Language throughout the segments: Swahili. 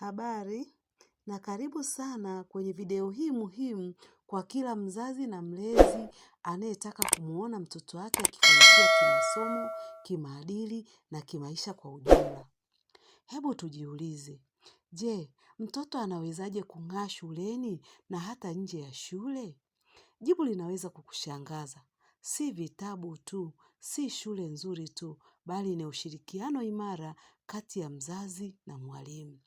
Habari na karibu sana kwenye video hii muhimu kwa kila mzazi na mlezi anayetaka kumuona mtoto wake akifanikiwa kimasomo, kimaadili na kimaisha kwa ujumla. Hebu tujiulize. Je, mtoto anawezaje kung'aa shuleni na hata nje ya shule? Jibu linaweza kukushangaza. Si vitabu tu, si shule nzuri tu, bali ni ushirikiano imara kati ya mzazi na mwalimu.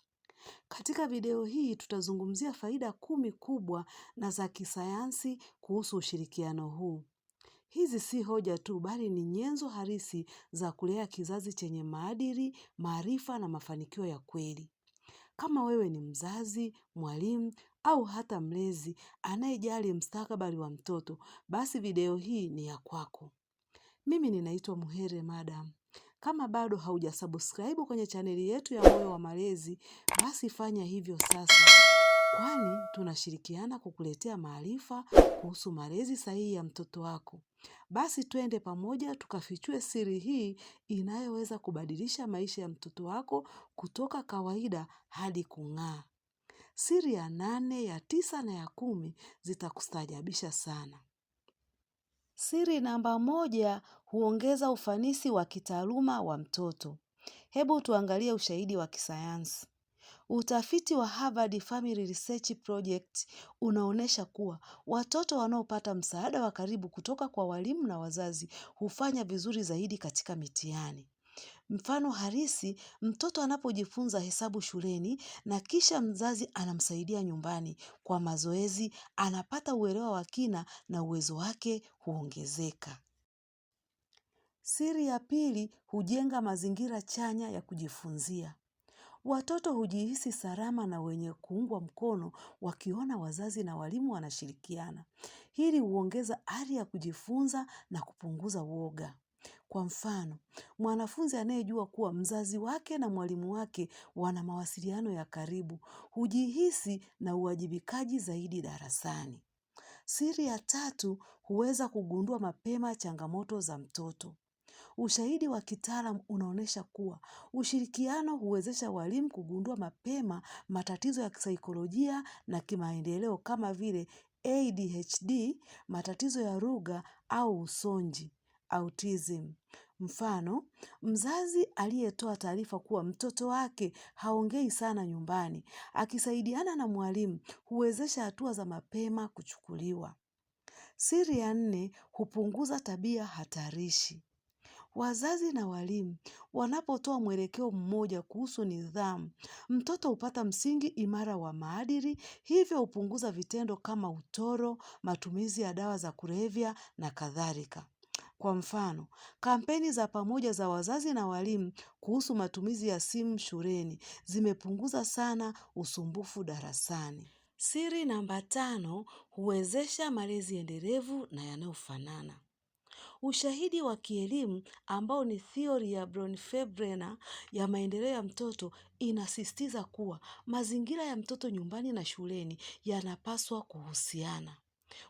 Katika video hii tutazungumzia faida kumi kubwa na za kisayansi kuhusu ushirikiano huu. Hizi si hoja tu bali ni nyenzo halisi za kulea kizazi chenye maadili, maarifa na mafanikio ya kweli. Kama wewe ni mzazi, mwalimu au hata mlezi anayejali mstakabali wa mtoto, basi video hii ni ya kwako. Mimi ninaitwa Muhere Madam. Kama bado haujasubscribe kwenye chaneli yetu ya Moyo wa Malezi, basi fanya hivyo sasa, kwani tunashirikiana kukuletea maarifa kuhusu malezi sahihi ya mtoto wako. Basi twende pamoja tukafichue siri hii inayoweza kubadilisha maisha ya mtoto wako kutoka kawaida hadi kung'aa. Siri ya nane, ya tisa na ya kumi zitakustajabisha sana. Siri namba moja, huongeza ufanisi wa kitaaluma wa mtoto. Hebu tuangalie ushahidi wa kisayansi. Utafiti wa Harvard Family Research Project unaonyesha kuwa watoto wanaopata msaada wa karibu kutoka kwa walimu na wazazi hufanya vizuri zaidi katika mitihani. Mfano halisi, mtoto anapojifunza hesabu shuleni na kisha mzazi anamsaidia nyumbani kwa mazoezi, anapata uelewa wa kina na uwezo wake huongezeka. Siri ya pili, hujenga mazingira chanya ya kujifunzia. Watoto hujihisi salama na wenye kuungwa mkono wakiona wazazi na walimu wanashirikiana. Hili huongeza ari ya kujifunza na kupunguza uoga. Kwa mfano, mwanafunzi anayejua kuwa mzazi wake na mwalimu wake wana mawasiliano ya karibu, hujihisi na uwajibikaji zaidi darasani. Siri ya tatu, huweza kugundua mapema changamoto za mtoto. Ushahidi wa kitaalam unaonyesha kuwa ushirikiano huwezesha walimu kugundua mapema matatizo ya kisaikolojia na kimaendeleo kama vile ADHD, matatizo ya lugha au usonji, autism. Mfano, mzazi aliyetoa taarifa kuwa mtoto wake haongei sana nyumbani, akisaidiana na mwalimu huwezesha hatua za mapema kuchukuliwa. Siri ya nne hupunguza tabia hatarishi. Wazazi na walimu wanapotoa mwelekeo mmoja kuhusu nidhamu, mtoto hupata msingi imara wa maadili, hivyo hupunguza vitendo kama utoro, matumizi ya dawa za kulevya na kadhalika. Kwa mfano, kampeni za pamoja za wazazi na walimu kuhusu matumizi ya simu shuleni zimepunguza sana usumbufu darasani. Siri namba tano, huwezesha malezi endelevu na yanayofanana. Ushahidi wa kielimu ambao ni theory ya Bronfenbrenner ya maendeleo ya mtoto inasisitiza kuwa mazingira ya mtoto nyumbani na shuleni yanapaswa kuhusiana.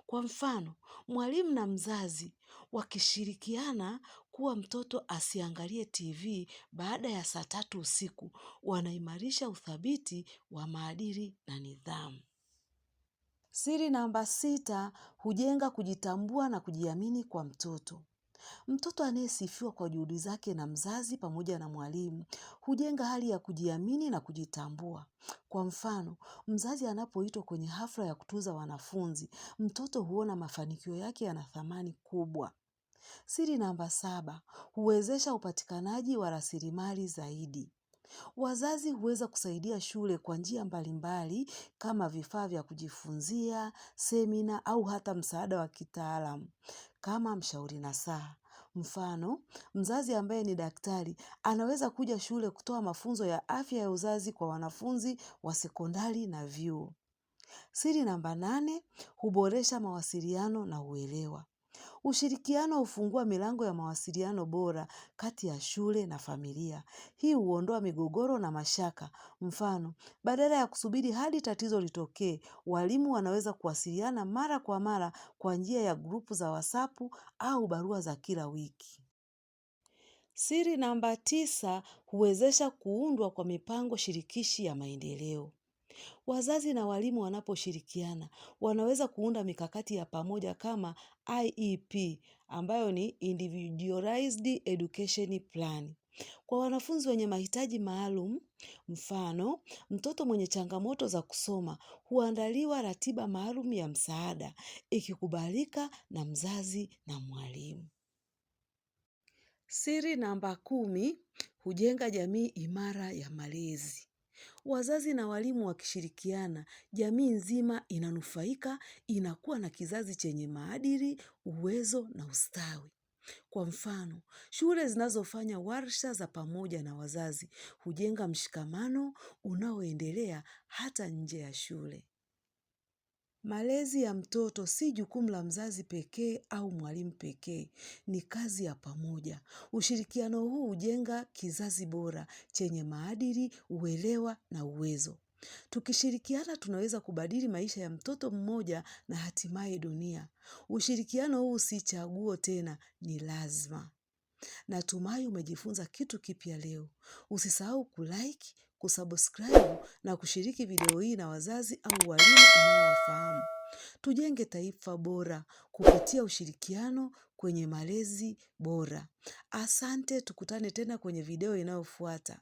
Kwa mfano, mwalimu na mzazi wakishirikiana kuwa mtoto asiangalie TV baada ya saa tatu usiku, wanaimarisha uthabiti wa maadili na nidhamu. Siri namba sita, hujenga kujitambua na kujiamini kwa mtoto. Mtoto anayesifiwa kwa juhudi zake na mzazi pamoja na mwalimu hujenga hali ya kujiamini na kujitambua. Kwa mfano, mzazi anapoitwa kwenye hafla ya kutuza wanafunzi, mtoto huona mafanikio yake yana thamani kubwa. Siri namba saba, huwezesha upatikanaji wa rasilimali zaidi. Wazazi huweza kusaidia shule kwa njia mbalimbali kama vifaa vya kujifunzia, semina au hata msaada wa kitaalamu kama mshauri nasaha. Mfano, mzazi ambaye ni daktari anaweza kuja shule kutoa mafunzo ya afya ya uzazi kwa wanafunzi wa sekondari na vyuo. Siri namba nane, huboresha mawasiliano na uelewa. Ushirikiano hufungua milango ya mawasiliano bora kati ya shule na familia. Hii huondoa migogoro na mashaka. Mfano, badala ya kusubiri hadi tatizo litokee, walimu wanaweza kuwasiliana mara kwa mara kwa njia ya grupu za wasapu au barua za kila wiki. Siri namba tisa huwezesha kuundwa kwa mipango shirikishi ya maendeleo. Wazazi na walimu wanaposhirikiana, wanaweza kuunda mikakati ya pamoja kama IEP ambayo ni Individualized Education Plan. Kwa wanafunzi wenye mahitaji maalum, mfano, mtoto mwenye changamoto za kusoma huandaliwa ratiba maalum ya msaada, ikikubalika na mzazi na mwalimu. Siri namba kumi, hujenga jamii imara ya malezi. Wazazi na walimu wakishirikiana, jamii nzima inanufaika, inakuwa na kizazi chenye maadili, uwezo na ustawi. Kwa mfano, shule zinazofanya warsha za pamoja na wazazi, hujenga mshikamano, unaoendelea hata nje ya shule. Malezi ya mtoto si jukumu la mzazi pekee au mwalimu pekee, ni kazi ya pamoja. Ushirikiano huu hujenga kizazi bora, chenye maadili, uelewa na uwezo. Tukishirikiana tunaweza kubadili maisha ya mtoto mmoja na hatimaye dunia. Ushirikiano huu si chaguo tena ni lazima. Natumai umejifunza kitu kipya leo. Usisahau kulike, kusubscribe na kushiriki video hii na wazazi au walimu unaowafahamu. Tujenge taifa bora kupitia ushirikiano kwenye malezi bora. Asante, tukutane tena kwenye video inayofuata.